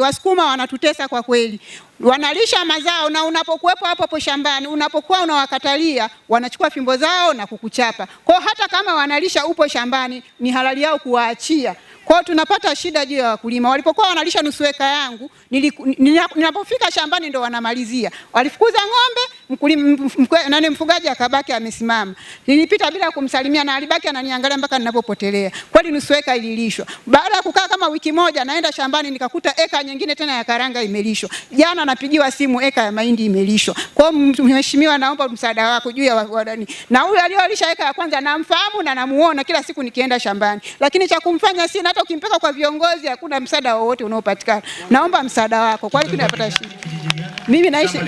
Wasukuma wanatutesa kwa kweli, wanalisha mazao na unapokuwepo hapo hapo shambani, unapokuwa unawakatalia wanachukua fimbo zao na kukuchapa. Kwa hata kama wanalisha upo shambani, ni halali yao kuwaachia. Kwa hiyo tunapata shida juu ya wakulima. Walipokuwa wanalisha nusu eka yangu, ninapofika shambani ndo wanamalizia, walifukuza ng'ombe mkulima nani, mfugaji akabaki amesimama. Nilipita bila kumsalimia na alibaki ananiangalia mpaka ninapopotelea. Kweli nusu eka ililishwa. Baada ya kukaa kama wiki moja, naenda shambani nikakuta eka nyingine tena ya karanga imelishwa. Jana napigiwa simu, eka ya mahindi imelishwa. Kwa hiyo mheshimiwa, naomba msaada wako juu ya wadani. Na huyu aliyolisha eka ya kwanza namfahamu na namuona kila siku nikienda shambani, lakini cha kumfanya sina. Hata ukimpeka kwa viongozi hakuna msaada wowote unaopatikana. Naomba msaada wako, kwani tunapata shida. Mimi naishi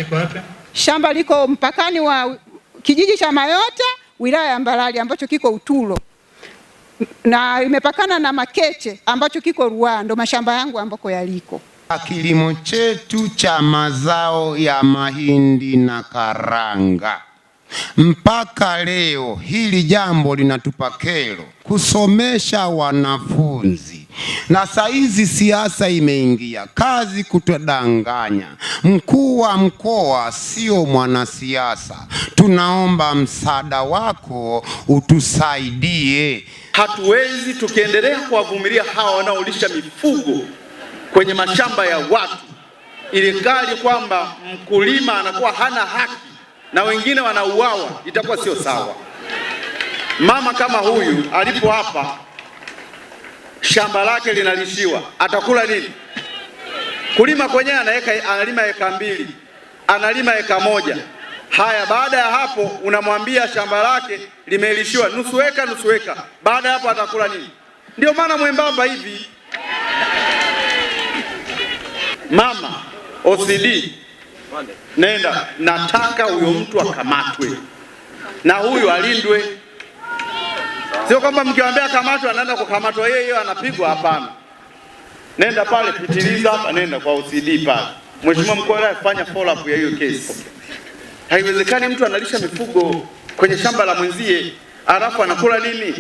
Shamba liko mpakani wa kijiji cha Mayota wilaya ya Mbarali ambacho kiko Utulo na imepakana na Makeche ambacho kiko Ruando, ndo mashamba yangu ambako yaliko. Kilimo chetu cha mazao ya mahindi na karanga mpaka leo hili jambo linatupa kero, kusomesha wanafunzi. Na saizi siasa imeingia, kazi kutodanganya. Mkuu wa mkoa sio mwanasiasa, tunaomba msaada wako utusaidie. Hatuwezi tukiendelea kuwavumilia hawa wanaolisha mifugo kwenye mashamba ya watu, ili kwamba mkulima anakuwa hana haki na wengine wanauawa, itakuwa sio sawa. Mama kama huyu alipo hapa, shamba lake linalishiwa, atakula nini? Kulima kwenyewe anaweka, analima eka mbili, analima eka moja. Haya, baada ya hapo unamwambia shamba lake limelishiwa nusu eka, nusu eka. Baada ya hapo atakula nini? Ndio maana mwembamba hivi, mama OCD nenda, nataka huyo mtu akamatwe na huyu alindwe. Sio kwamba mkiwaambia kamatwa anaenda kukamatwa yeye yeye anapigwa, hapana. Nenda pale pitiliza hapa, nenda kwa OCD pale, mheshimiwa mkuu wa fanya follow up ya hiyo kesi. Haiwezekani mtu analisha mifugo kwenye shamba la mwenzie alafu anakula nini?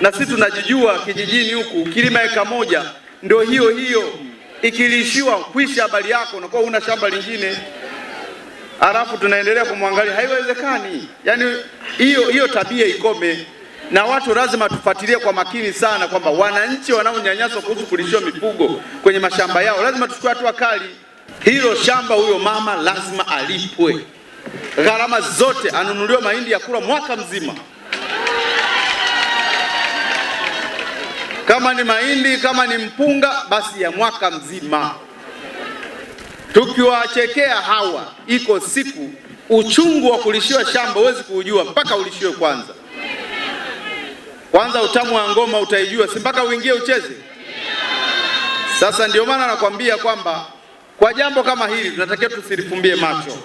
Na sisi tunajijua kijijini huku, kilima eka moja ndio hiyo hiyo ikilishiwa kuishi habari yako, unakuwa una shamba lingine, alafu tunaendelea kumwangalia. Haiwezekani. Yani hiyo hiyo tabia ikome, na watu lazima tufuatilie kwa makini sana kwamba wananchi wanaonyanyaswa kuhusu kulishiwa mifugo kwenye mashamba yao, lazima tuchukue hatua kali. Hilo shamba huyo mama lazima alipwe gharama zote, anunuliwa mahindi ya kula mwaka mzima. kama ni mahindi, kama ni mpunga, basi ya mwaka mzima. Tukiwachekea hawa, iko siku uchungu wa kulishiwa shamba huwezi kuujua mpaka ulishiwe kwanza. Kwanza utamu wa ngoma utaijua, si mpaka uingie ucheze? Sasa ndio maana nakwambia kwamba kwa jambo kama hili tunatakiwa tusilifumbie macho.